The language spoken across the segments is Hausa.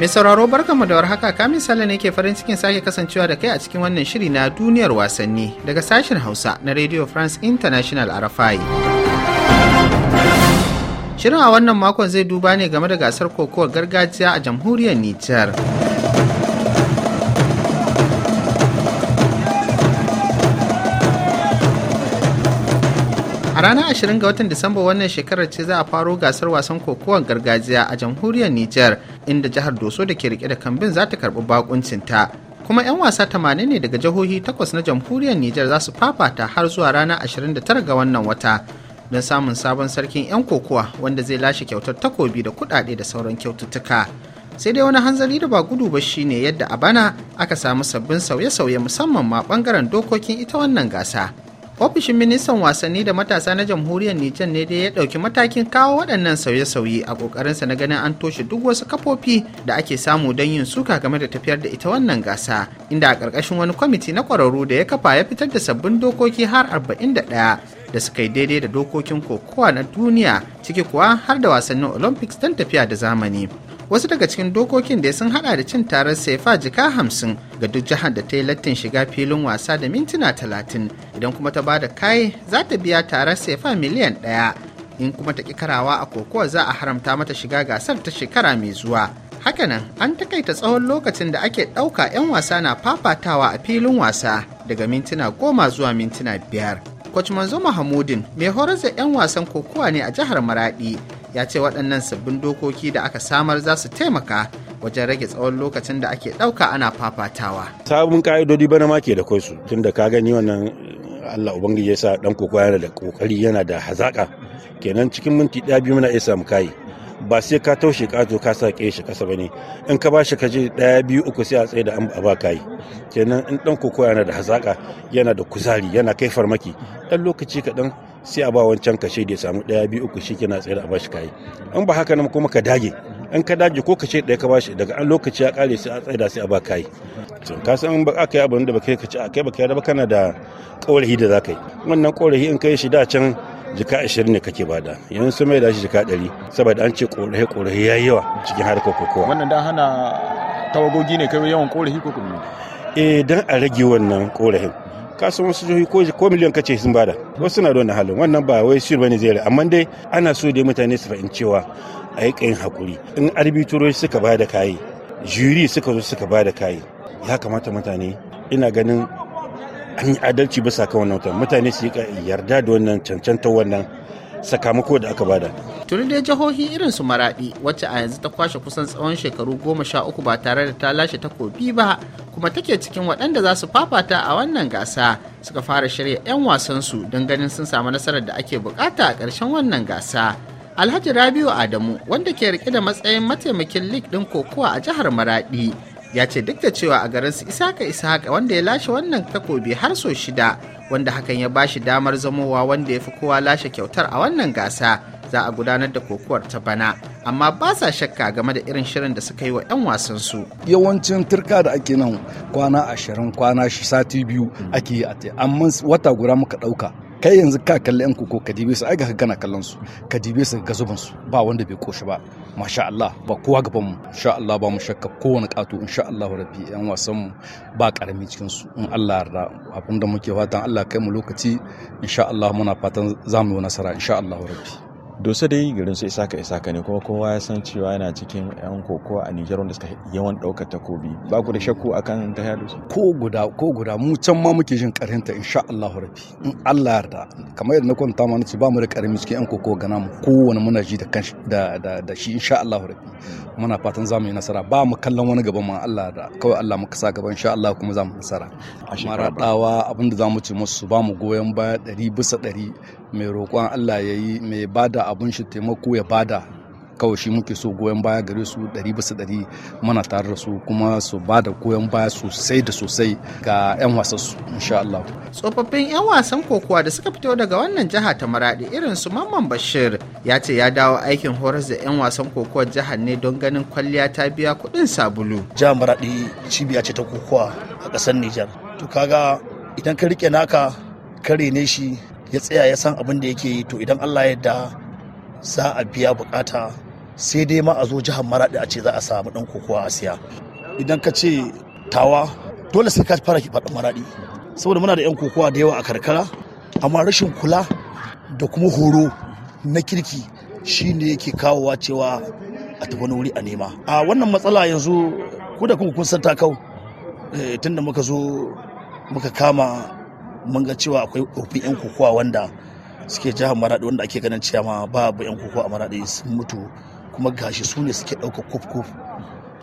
Mai sauraro barkanmu da warhaka kamin sale ne ke farin cikin sake kasancewa da kai a cikin wannan shiri na duniyar wasanni daga sashen Hausa na Radio France International RFI. Shirin a wannan makon zai duba ne game da gasar kokowar gargajiya a jamhuriyar Nijar. A ranar 20 ga watan Disamba wannan shekarar ce za a faro gasar wasan kokowar gargajiya a jamhuriyar Nijar inda jihar Doso da ke rike da kambin za ta karɓi ta Kuma 'yan wasa tamanin ne daga jihohi takwas na jamhuriyar Nijar za su fafata har zuwa ranar 29 ga wannan wata. Don samun sabon sarkin 'yan kokowa wanda zai lashe kyautar takobi da kuɗaɗe da sauran kyaututtuka. sai dai wani hanzari da ba gudu ba shine yadda a bana aka samu sabbin sauye-sauye musamman ma bangaren dokokin ita wannan gasa ofishin ministan wasanni da matasa na jamhuriyar nijar ne dai ya ɗauki matakin kawo waɗannan sauye-sauye a ƙoƙarinsa na ganin an toshe duk wasu kafofi da ake samu don yin suka game da tafiyar da ita wannan gasa inda a ƙarƙashin wani kwamiti na ƙwararru da ya kafa ya fitar da sabbin dokoki har 41 da suka yi daidai da dokokin kokowa na duniya ciki kuwa har da wasannin olympics don tafiya da zamani wasu daga cikin dokokin da sun hada da cin tarar sefa jika hamsin ga duk jihar da ta yi lattin shiga filin wasa da mintuna talatin idan kuma ta bada kayi za ta biya tarar sefa miliyan ɗaya in kuma ta ƙi karawa a kokowa za a haramta mata shiga gasar ta shekara mai zuwa hakanan an takaita tsawon lokacin da ake ɗauka 'yan wasa na fafatawa a filin wasa daga mintuna goma zuwa mintuna biyar. kwacimanzo Manzo Mahamudin mai horar da 'yan wasan kokowa ne a jihar Maradi ya ce waɗannan sabbin dokoki da aka samar za su taimaka wajen rage tsawon lokacin da ake ɗauka ana fafatawa. sabon ka'idodi bana ma ke da kai su tun da ka gani wannan allah ubangiji ya sa ɗan koko yana da ƙoƙari yana da hazaƙa kenan cikin minti ɗaya biyu muna iya samu kayi ba sai ka taushe ka zo ka sake shi kasa bane in ka ba shi ka je ɗaya biyu uku sai a tsaye da an ba yi kenan in dan koko yana da hazaka yana da kuzari yana kai farmaki ɗan lokaci kaɗan sai a ba wancan kashe da ya samu ɗaya biyu uku shi kenan tsaye da a bashi kayi an ba haka nan kuma ka dage an ka dage ko kashe ɗaya ka bashi daga an lokaci ya kare sai a da sai a ba kayi to ka san ba aka yi abin da ba kai ka ci a kai ba kai da ba kana da ƙorahi da za ka yi wannan ƙorahi in kai shi da can jika ashirin ne kake bada yanzu sun mai da shi jika ɗari saboda an ce ƙorahi ƙorahi ya yawa cikin harkar kokowa wannan da hana tawagogi ne kai yawan ƙorahi ko kuma eh dan a rage wannan ƙorahin. kasan wasu jihohi ko ko miliyan kace sun bada wasu na da wannan halin wannan ba wai shi bane zai amma dai ana so dai mutane su fahimci cewa a yi kayan hakuri in arbitrori suka ba da kayi jiri suka zo suka ba da kayi ya kamata mutane ina ganin an yi adalci bisa kan wannan mutane mutane su yi yarda da wannan cancantar wannan sakamako da aka bada. Tuni dai jihohi irin su maraɗi wacce a yanzu ta kwashe kusan tsawon shekaru goma sha uku ba tare da ta lashe takobi ba kuma take cikin waɗanda za su fafata a wannan gasa suka fara shirya 'yan wasansu don ganin sun samu nasarar da ake bukata a ƙarshen wannan gasa alhaji rabiu adamu wanda ke rike da matsayin mataimakin lig ɗin kokowa a jihar maradi ya ce duk da cewa a garin su isaka isaka wanda ya lashe wannan takobi har so shida wanda hakan ya bashi damar zamowa wanda ya fi kowa lashe kyautar a wannan gasa za a gudanar da kokowar ta bana amma ba sa shakka game da irin shirin da suka yi wa 'yan wasan su yawancin turka da ake nan kwana ashirin kwana shi sati biyu ake yi a te amma wata guda muka ɗauka kai yanzu ka kalli 'yan koko ka dibe su ai ga gana kallon su ka dibe su ga zuban su ba wanda bai koshi ba masha Allah ba kowa gaban mu insha Allah ba mu shakka kowane kato insha Allah rabbi 'yan wasan mu ba karami cikin su in Allah yarda abinda muke fatan Allah kai mu lokaci insha Allah muna fatan za mu yi nasara insha Allah rabbi dosa dai garin su isaka isaka ne kuma kowa ya san cewa yana cikin yan koko a nijar wanda suka yawan daukar takobi ba ku da shakku akan ta yadu ko guda ko guda mu can ma muke jin karinta insha Allah rabbi in Allah yarda kamar yadda na kwanta ma nace ba mu da karimi cikin yan koko gana mu kowane muna ji da kanshi da da, shi insha Allah rabbi muna fatan za mu yi nasara ba mu kallon wani gaban ma Allah yarda kawai Allah muka sa gaban insha Allah kuma za mu nasara maradawa abinda za mu ci musu ba mu goyen baya 100 bisa 100 mai roƙon Allah yayi mai bada abun shi taimako ya bada kawai shi muke so goyon baya gare su ɗari bisa ɗari mana tare da su kuma su ba da goyon baya sosai da sosai ga 'yan wasan su insha Allah. Tsofaffin 'yan wasan kokowa da suka fito daga wannan jiha ta maraɗi irin su Mamman Bashir ya ce ya dawo aikin horas da 'yan wasan kokowa jihar ne don ganin kwalliya ta biya kuɗin sabulu. Jihar maraɗi cibiya ce ta kokowa a ƙasar Nijar. To kaga idan ka rike naka kare ne shi ya tsaya ya san abin da yake yi to idan Allah ya yarda za a biya bukata sai dai ma a zo jihar maraɗi a ce za a samu ɗan kokowa a siya idan ka ce tawa dole sai ka fara faɗin maraɗi saboda muna da 'yan kokowa da yawa a karkara amma rashin kula da kuma horo na kirki shine yake kawowa cewa a tafi wani wuri a nema a wannan matsala yanzu ko da kuma kun san ta kau eh, tunda muka zo muka kama mun ga cewa akwai ofin 'yan kokowa wanda suke jihar maradi wanda ake ganin cewa ma babu yan koko a maradi sun mutu kuma gashi su ne suke ɗaukar kuf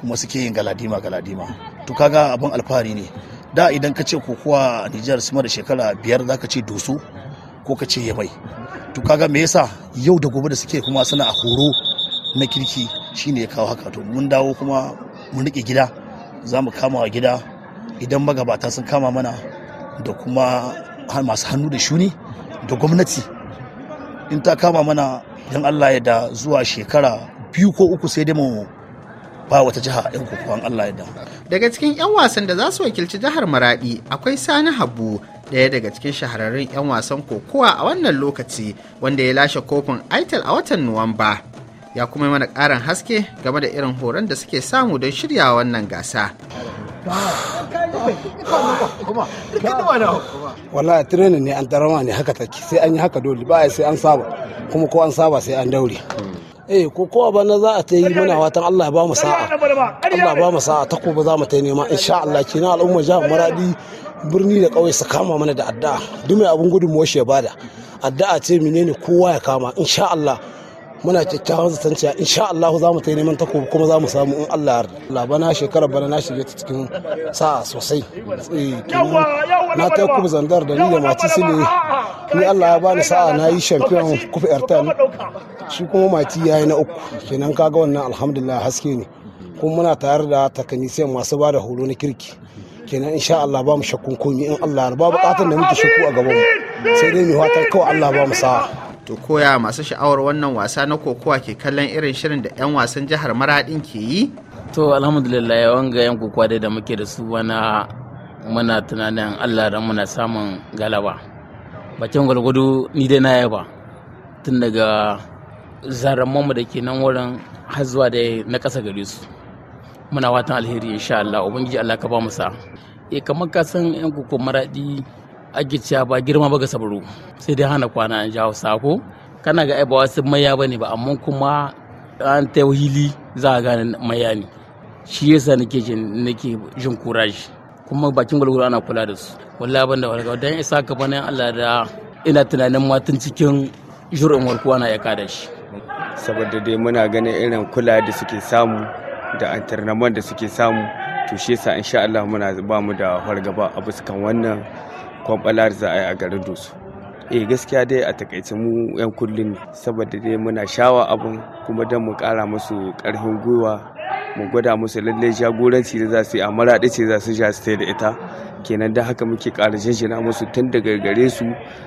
kuma suke yin galadima galadima to kaga abin alfahari ne da idan ka ce kokowa a Nijar sama da shekara biyar za ka ce doso ko ka ce yamai to kaga me yasa yau da gobe da suke kuma suna a horo na kirki shine ya kawo haka to mun dawo kuma mun rike gida za mu kama wa gida idan magabata sun kama mana da kuma masu hannu da shuni da gwamnati in ta kama mana idan allah ya da zuwa shekara biyu ko uku sai mu ba wata jiha yan kokowan allah ya da daga cikin 'yan wasan da za su wakilci jihar maradi akwai sani habu ɗaya daga cikin shahararrun 'yan wasan kokowa a wannan lokaci wanda ya lashe kofin aitel a watan nuwamba ya kuma yi mana ƙarin haske game da irin horon da suke samu don shirya wannan gasa wallahi training ne an tarama ne haka take sai an yi haka dole ba sai an saba kuma ko an saba sai an daure eh ko kowa ba na za a ta yi muna watan Allah ya ba mu sa'a Allah ba mu sa'a ta ko ba za mu ta nema insha Allah kina al'umma jihar Maradi birni da ƙauye su kama mana da addu'a duk mai abun gudun gudunmuwar shi ya bada addu'a ce menene kowa ya kama insha Allah muna kyakkyawan zaton cewa insha Allah za mu ta neman takobi kuma za mu samu in Allah yarda labana shekarar bana na shige ta cikin sa'a sosai eh, na ta kuma zandar da ni da mati sile ni Allah ya bani sa'a na yi champion kufi ertan shi kuma mati ya yi na uku kenan kaga wannan alhamdulillah haske ne kuma muna tare da takanisiyan masu ba da horo na kirki kenan insha Allah ba mu shakkun komi in Allah ya ba bukatun da muke shakku a gaban mu sai dai mu fatan kawai Allah ba mu sa'a to koya masu sha'awar wannan wasa na kokowa ke kallon irin shirin da 'yan wasan jihar maradin ke yi to alhamdulillah wanga yan kokowa dai da muke da su wana muna tunanin allah da muna samun galaba bakin gwalgwado ni dai na yaba tun daga zaramanmu da ke nan wurin har zuwa da na ƙasa gare su muna watan alheri insha allah ubangiji allah ka ba mu sa e kamar ka san yan koko maradi ake cewa ba girma ba ga sabaro sai dai hana kwana an jawo sako kana ga ba wasu maya bane ba amma kuma an ta wahili za a gane maya ne shi yasa nake jin nake jin kuraji kuma bakin gwalgwalo ana kula da su wallahi ban da warka dan isa ka bana Allah da ina tunanin matan cikin jurin warkuwa na ya kada shi saboda dai muna ganin irin kula da suke samu da antarnaman da suke samu to shi yasa insha Allah muna ba mu da fargaba a kan wannan kwamfalar za a yi a garin dusu e eh, gaskiya dai a takaice mu yan kullum ne saboda dai muna shawa abin kuma don mu kara musu karfin gwiwa mu gwada musu lalle jagoranci da za su yi a maraɗi ce za su sai da ita kenan da haka muke ƙara jinjina musu tun daga gare su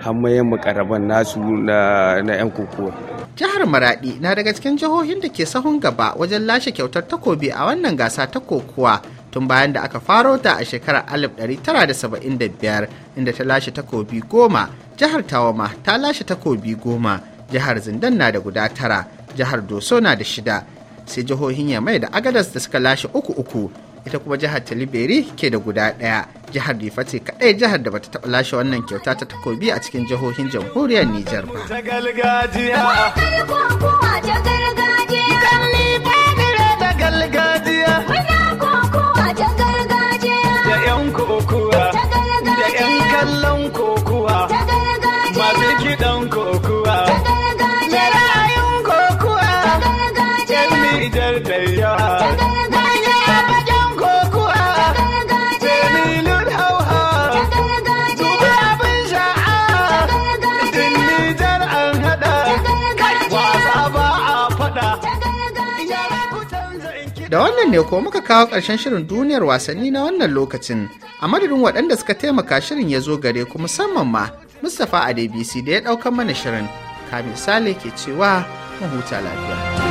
har mayan makaraban nasu na 'yan kokowa. jihar maraɗi na daga cikin jihohin da ke sahun gaba wajen lashe kyautar takobi a wannan gasa ta kokowa tun bayan da aka faro ta a shekarar 1975 inda ta lashe takobi goma jihar tawama ta lashe takobi goma jihar zindan na da guda tara jihar doso na da shida sai jihohin yamai da agadas da suka lashe uku uku ita kuma jihar taliberi ke da guda ɗaya jihar ce kaɗai jihar da bata taba lashe wannan kyauta ta takobi a cikin jihohin jamhuriyar nijar ba Wannan ne ko muka kawo ƙarshen shirin duniyar wasanni na wannan lokacin a madadin waɗanda suka taimaka shirin ya zo gare ku musamman ma mustapha a da ya ɗaukan mana shirin kamin sale ke cewa mu huta lafiya.